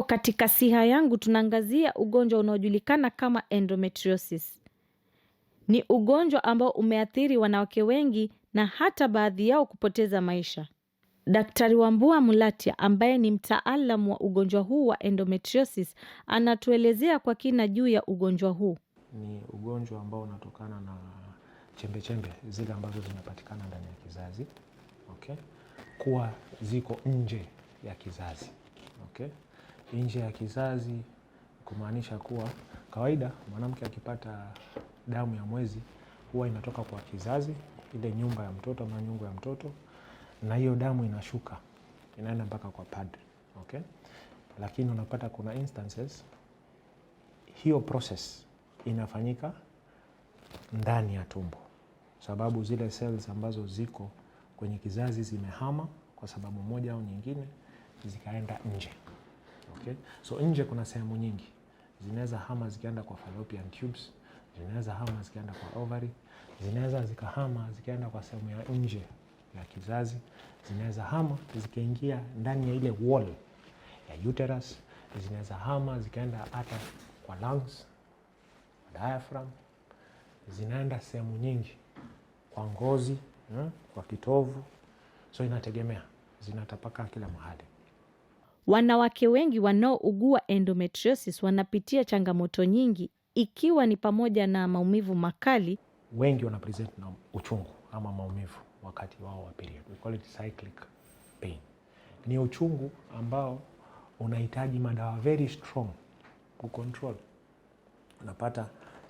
Leo katika siha yangu tunaangazia ugonjwa unaojulikana kama endometriosis. Ni ugonjwa ambao umeathiri wanawake wengi na hata baadhi yao kupoteza maisha. Daktari Wambua Mulatia ambaye ni mtaalamu wa ugonjwa huu wa endometriosis anatuelezea kwa kina juu ya ugonjwa huu. Ni ugonjwa ambao unatokana na chembechembe chembe, zile ambazo zinapatikana ndani ya kizazi okay, kuwa ziko nje ya kizazi okay nje ya kizazi, kumaanisha kuwa kawaida mwanamke akipata damu ya mwezi huwa inatoka kwa kizazi, ile nyumba ya mtoto ama nyungu ya mtoto, na hiyo damu inashuka inaenda mpaka kwa padri okay? Lakini unapata kuna instances hiyo process inafanyika ndani ya tumbo, sababu zile cells ambazo ziko kwenye kizazi zimehama kwa sababu moja au nyingine, zikaenda nje. Okay? So nje kuna sehemu nyingi zinaweza hama zikienda kwa fallopian tubes, zinaweza hama zikienda kwa ovary, zinaweza zikahama zikienda kwa sehemu ya nje ya kizazi, zinaweza hama zikiingia ndani ya ile wall ya uterus, zinaweza hama zikaenda hata kwa lungs, diaphragm, zinaenda sehemu nyingi kwa ngozi, hmm, kwa kitovu. So inategemea, zinatapaka kila mahali. Wanawake wengi wanaougua endometriosis wanapitia changamoto nyingi, ikiwa ni pamoja na maumivu makali. Wengi wana present na uchungu ama maumivu wakati wao wa period. We call it cyclic pain. Ni uchungu ambao unahitaji madawa very strong ku control. Unapata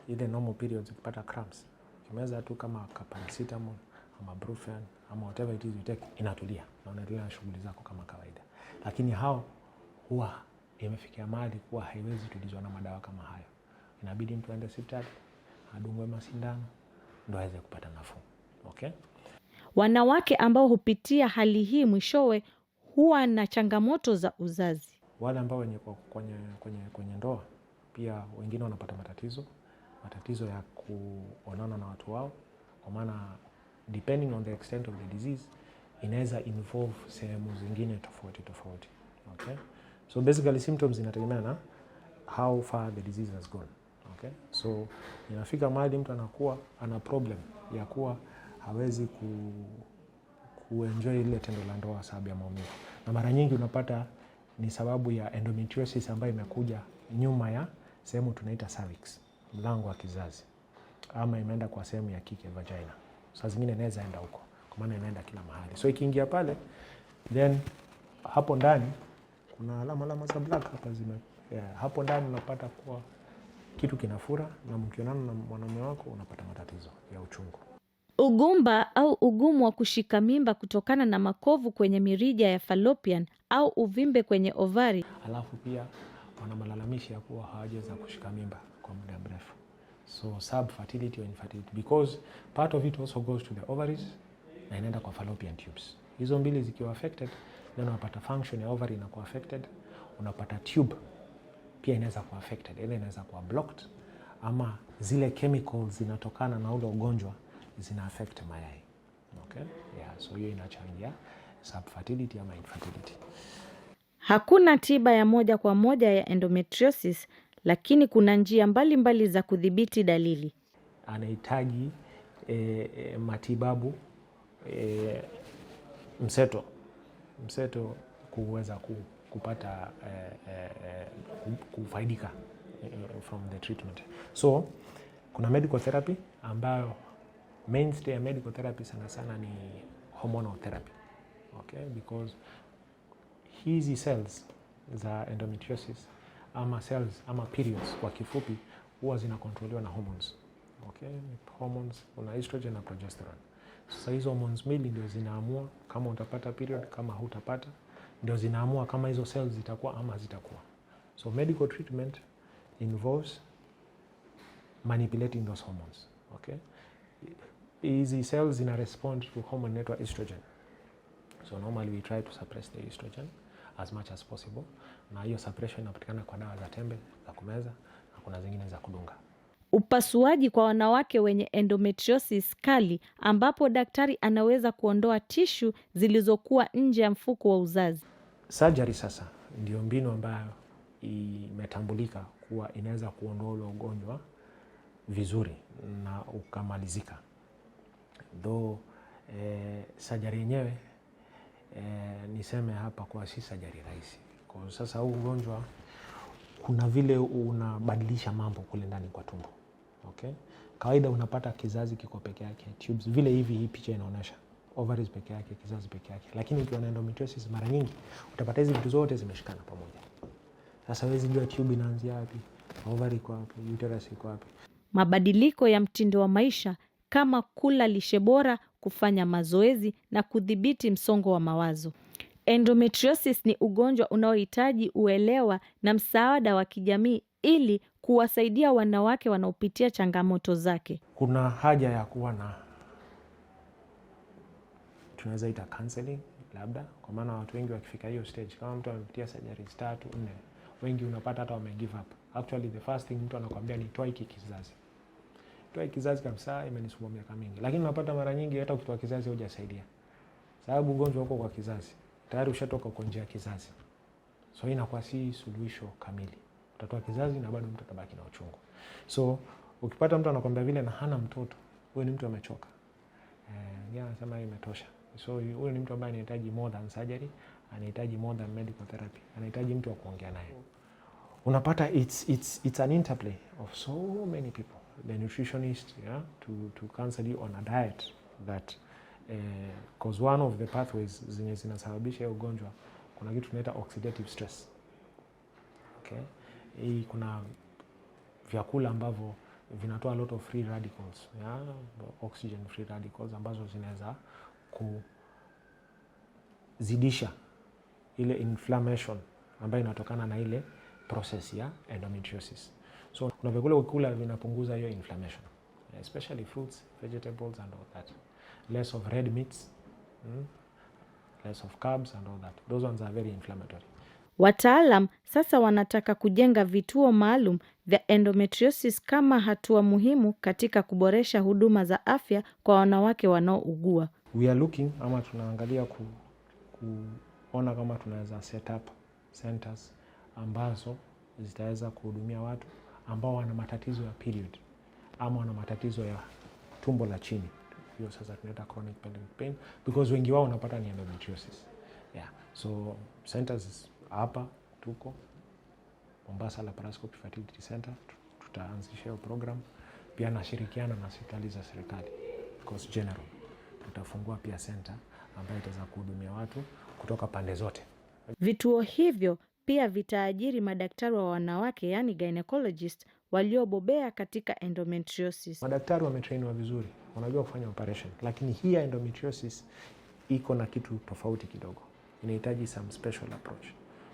ile normal periods, ukipata cramps ukimeza tu kama paracetamol ama brufen ama whatever it is you take, inatulia na unaendelea na shughuli zako kama kawaida lakini hao huwa imefikia mahali kuwa haiwezi tulizwa na madawa kama hayo, inabidi mtu aende hospitali adungwe masindano ndo aweze kupata nafuu. Okay? Wanawake ambao hupitia hali hii mwishowe huwa na changamoto za uzazi. Wale ambao wenye kwenye, kwenye, kwenye ndoa pia wengine wanapata matatizo matatizo ya kuonana na watu wao, kwa maana depending on the extent of the disease inaweza involve sehemu zingine tofauti tofauti. Okay? So basically symptoms inategemea na how far the disease has gone. Okay? So inafika mahali mtu anakuwa ana problem ya kuwa hawezi ku kuenjoy ile tendo la ndoa sababu ya maumivu, na mara nyingi unapata ni sababu ya endometriosis ambayo imekuja nyuma ya sehemu tunaita cervix, mlango wa kizazi, ama imeenda kwa sehemu ya kike vagina. Saa zingine inaweza enda huko maana inaenda kila mahali. So ikiingia pale then hapo ndani kuna alama alama za black hapa zime yeah. Hapo ndani unapata kuwa kitu kinafura, na mkionana na mwanamume wako unapata matatizo ya uchungu. Ugumba au ugumu wa kushika mimba kutokana na makovu kwenye mirija ya fallopian au uvimbe kwenye ovari. Alafu pia wana malalamishi ya kuwa hawajaweza kushika mimba kwa muda mrefu, so subfertility or infertility because part of it also goes to the ovaries na inaenda kwa fallopian tubes. Hizo mbili zikiwa affected, then unapata function ya ovary inakuwa affected, unapata tube pia inaweza kuwa affected, ile inaweza kuwa blocked ama zile chemicals zinatokana na ule ugonjwa zina affect mayai. Okay? Yeah, so hiyo inachangia subfertility ama infertility. Hakuna tiba ya moja kwa moja ya endometriosis, lakini kuna njia mbalimbali mbali za kudhibiti dalili. Anahitaji eh, eh matibabu e, mseto mseto kuweza kupata e, e, kufaidika e, from the treatment. So kuna medical therapy ambayo mainstay ya medical therapy sana sana ni hormonal therapy. Okay, because hizi cells za endometriosis ama cells ama periods kwa kifupi huwa zinakontroliwa na hormones. Okay, hormones kuna estrogen na progesterone. Sasa hizo hormones mbili ndio zinaamua kama utapata period, kama hutapata, ndio zinaamua kama hizo cells zitakuwa ama zitakuwa. So medical treatment involves manipulating those hormones. Okay, hizi cells zina respond to hormone inaitwa estrogen. So normally we try to suppress the estrogen as much as possible, na hiyo suppression inapatikana kwa dawa za tembe za kumeza na kuna zingine za kudunga. Upasuaji kwa wanawake wenye endometriosis kali ambapo daktari anaweza kuondoa tishu zilizokuwa nje ya mfuko wa uzazi. Surgery sasa ndiyo mbinu ambayo imetambulika kuwa inaweza kuondoa ule ugonjwa vizuri na ukamalizika. Though e, surgery yenyewe e, niseme hapa kuwa si surgery rahisi. Kwa sasa huu ugonjwa kuna vile unabadilisha mambo kule ndani kwa tumbo. Okay? Kawaida unapata kizazi kiko peke yake, tubes vile hivi hii picha inaonyesha ovaries peke yake, kizazi peke yake. Lakini ukiwa na endometriosis mara nyingi utapata hizi vitu zote zimeshikana pamoja. Sasa huwezi jua tube inaanzia wapi, ovary iko wapi, uterus iko wapi. Mabadiliko ya mtindo wa maisha kama kula lishe bora, kufanya mazoezi na kudhibiti msongo wa mawazo. Endometriosis ni ugonjwa unaohitaji uelewa na msaada wa kijamii ili kuwasaidia wanawake wanaopitia changamoto zake. Kuna haja ya kuwa na tunaweza ita counseling labda, kwa maana watu wengi wakifika hiyo stage, kama mtu amepitia surgeries tatu nne, wengi unapata hata wame give up. Actually the first thing mtu anakuambia ni toa hiki kizazi, toa hiki kizazi kabisa, imenisumbua miaka mingi. Lakini unapata mara nyingi hata ukitoa kizazi hujasaidia, sababu ugonjwa uko kwa kizazi tayari, ushatoka uko nje ya kizazi, so inakuwa si suluhisho kamili utatoa kizazi na bado mtu atabaki na uchungu. So ukipata mtu anakwambia vile na hana mtoto, huyo ni mtu amechoka. Eh, anasema imetosha. So huyo ni mtu ambaye anahitaji more than surgery, anahitaji more than medical therapy, anahitaji mtu wa kuongea naye. Unapata it's, it's, it's an interplay of so many people the nutritionist yeah, to, to counsel you on a diet that because eh, uh, one of the pathways zenye zinasababisha ugonjwa kuna kitu tunaita oxidative stress okay hii kuna vyakula ambavyo vinatoa lot of free radicals, ya, oxygen free radicals ambazo zinaweza kuzidisha ile inflammation ambayo inatokana na ile process ya endometriosis. So kuna vyakula kukula vinapunguza hiyo inflammation, especially fruits, vegetables and all that. Less of red meats, mm, less of carbs and all that. Those ones are very inflammatory. Wataalam sasa wanataka kujenga vituo maalum vya endometriosis kama hatua muhimu katika kuboresha huduma za afya kwa wanawake wanaougua. We are looking ama tunaangalia ku, kuona kama tunaweza set up centers ambazo zitaweza kuhudumia watu ambao wana matatizo ya period ama wana matatizo ya tumbo la chini. Hiyo sasa tunaita chronic pelvic pain because wengi wao wanapata ni endometriosis. Yeah. So centers hapa tuko Mombasa la Laparoscopic Fertility Center, tutaanzisha hiyo program pia, nashirikiana na hospitali za serikali Coast General, tutafungua pia center ambayo itaweza kuhudumia watu kutoka pande zote. Vituo hivyo pia vitaajiri madaktari wa wanawake, yani gynecologist waliobobea katika endometriosis. Madaktari wametrainiwa vizuri, wanajua kufanya operation, lakini hii endometriosis iko na kitu tofauti kidogo, inahitaji some special approach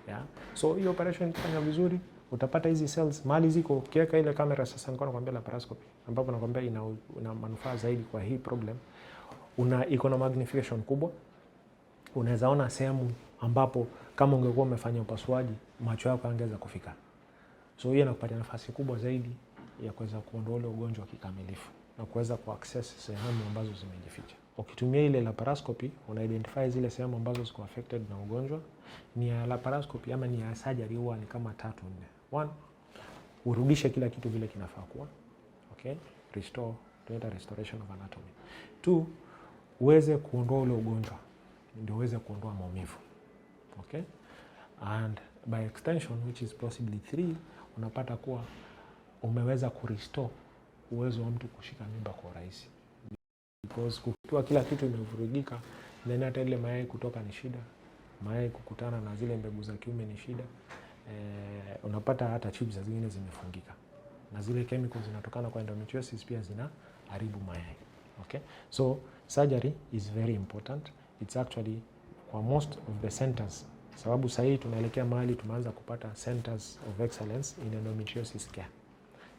yeah. So hiyo operation ikifanya vizuri utapata hizi cells mali ziko. Ukiweka ile kamera sasa, nilikuwa nakwambia laparoscopy, ambapo nakwambia ina, ina manufaa zaidi kwa hii problem, una iko na magnification kubwa, unaweza ona sehemu ambapo kama ungekuwa umefanya upasuaji macho yako angeweza kufika. So hiyo inakupatia nafasi kubwa zaidi ya kuweza kuondoa ule ugonjwa kikamilifu na kuweza kuaccess sehemu ambazo zimejificha. Ukitumia ile laparoscopy una identify zile sehemu ambazo ziko affected na ugonjwa ni ya laparoscopy ama ni ya surgery huwa ni kama tatu nne. One, urudishe kila kitu vile kinafaa kuwa. Okay? Restore, tunaita restoration of anatomy. Two, uweze kuondoa ule ugonjwa ndio uweze kuondoa maumivu. Okay? And by extension which is possibly three, unapata kuwa umeweza kurestore uwezo wa mtu kushika mimba kwa urahisi, because kukiwa kila kitu imevurugika, then hata ile mayai kutoka ni shida mayai kukutana na zile mbegu za kiume ni shida. E, unapata hata tubes zingine zimefungika na zile chemicals zinatokana kwa endometriosis pia zinaharibu mayai. Okay? So surgery is very important. It's actually kwa most of the centers sababu sasa hivi tunaelekea mahali tumeanza kupata centers of excellence in endometriosis care.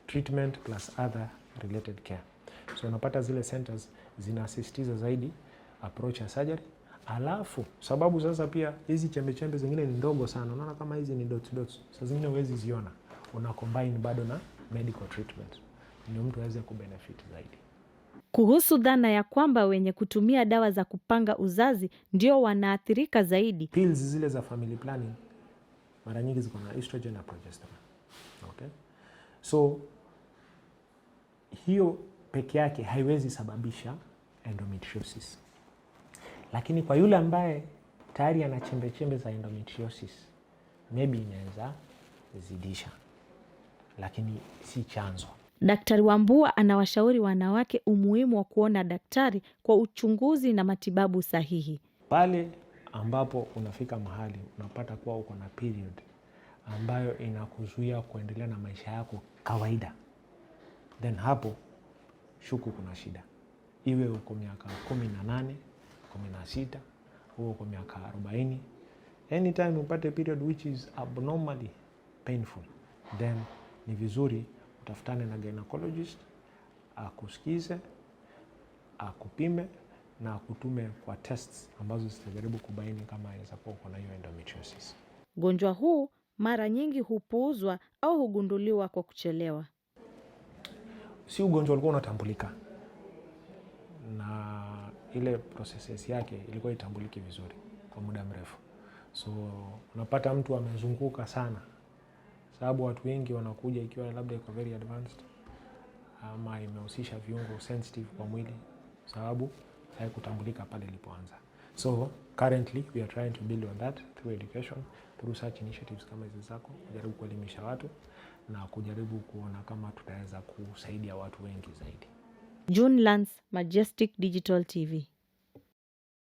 Treatment plus other related care. So unapata zile centers zinasisitiza zaidi approach ya surgery Alafu sababu sasa pia hizi chembe chembe zingine ni ndogo sana, unaona kama hizi ni dots dots, saa zingine huwezi ziona, una combine bado na medical treatment ndio mtu aweze kubenefit zaidi. Kuhusu dhana ya kwamba wenye kutumia dawa za kupanga uzazi ndio wanaathirika zaidi, pills zile za family planning mara nyingi ziko na estrogen na progesterone. Okay, so hiyo peke yake haiwezi sababisha endometriosis. Lakini kwa yule ambaye tayari ana chembechembe za endometriosis, maybe inaweza zidisha, lakini si chanzo. Daktari Wambua anawashauri wanawake umuhimu wa kuona daktari kwa uchunguzi na matibabu sahihi. Pale ambapo unafika mahali unapata kuwa uko na period ambayo inakuzuia kuendelea na maisha yako kawaida, then hapo shuku kuna shida, iwe uko miaka kumi na nane sita huo kwa miaka arobaini anytime upate period which is abnormally painful, then ni vizuri utafutane na gynecologist akusikize, akupime na akutume kwa tests ambazo zitajaribu kubaini kama inaweza kuwa uko na hiyo endometriosis. Ugonjwa huu mara nyingi hupuuzwa au hugunduliwa kwa kuchelewa. Si ugonjwa ulikuwa unatambulika na ile processes yake ilikuwa itambuliki vizuri kwa muda mrefu. So unapata mtu amezunguka sana, sababu watu wengi wanakuja ikiwa labda iko very advanced ama imehusisha viungo sensitive kwa mwili, sababu haikutambulika pale ilipoanza. So currently we are trying to build on that through education, through such initiatives kama hizi zako, kujaribu kuelimisha watu na kujaribu kuona kama tutaweza kusaidia watu wengi zaidi. June Lance, Majestic Digital TV.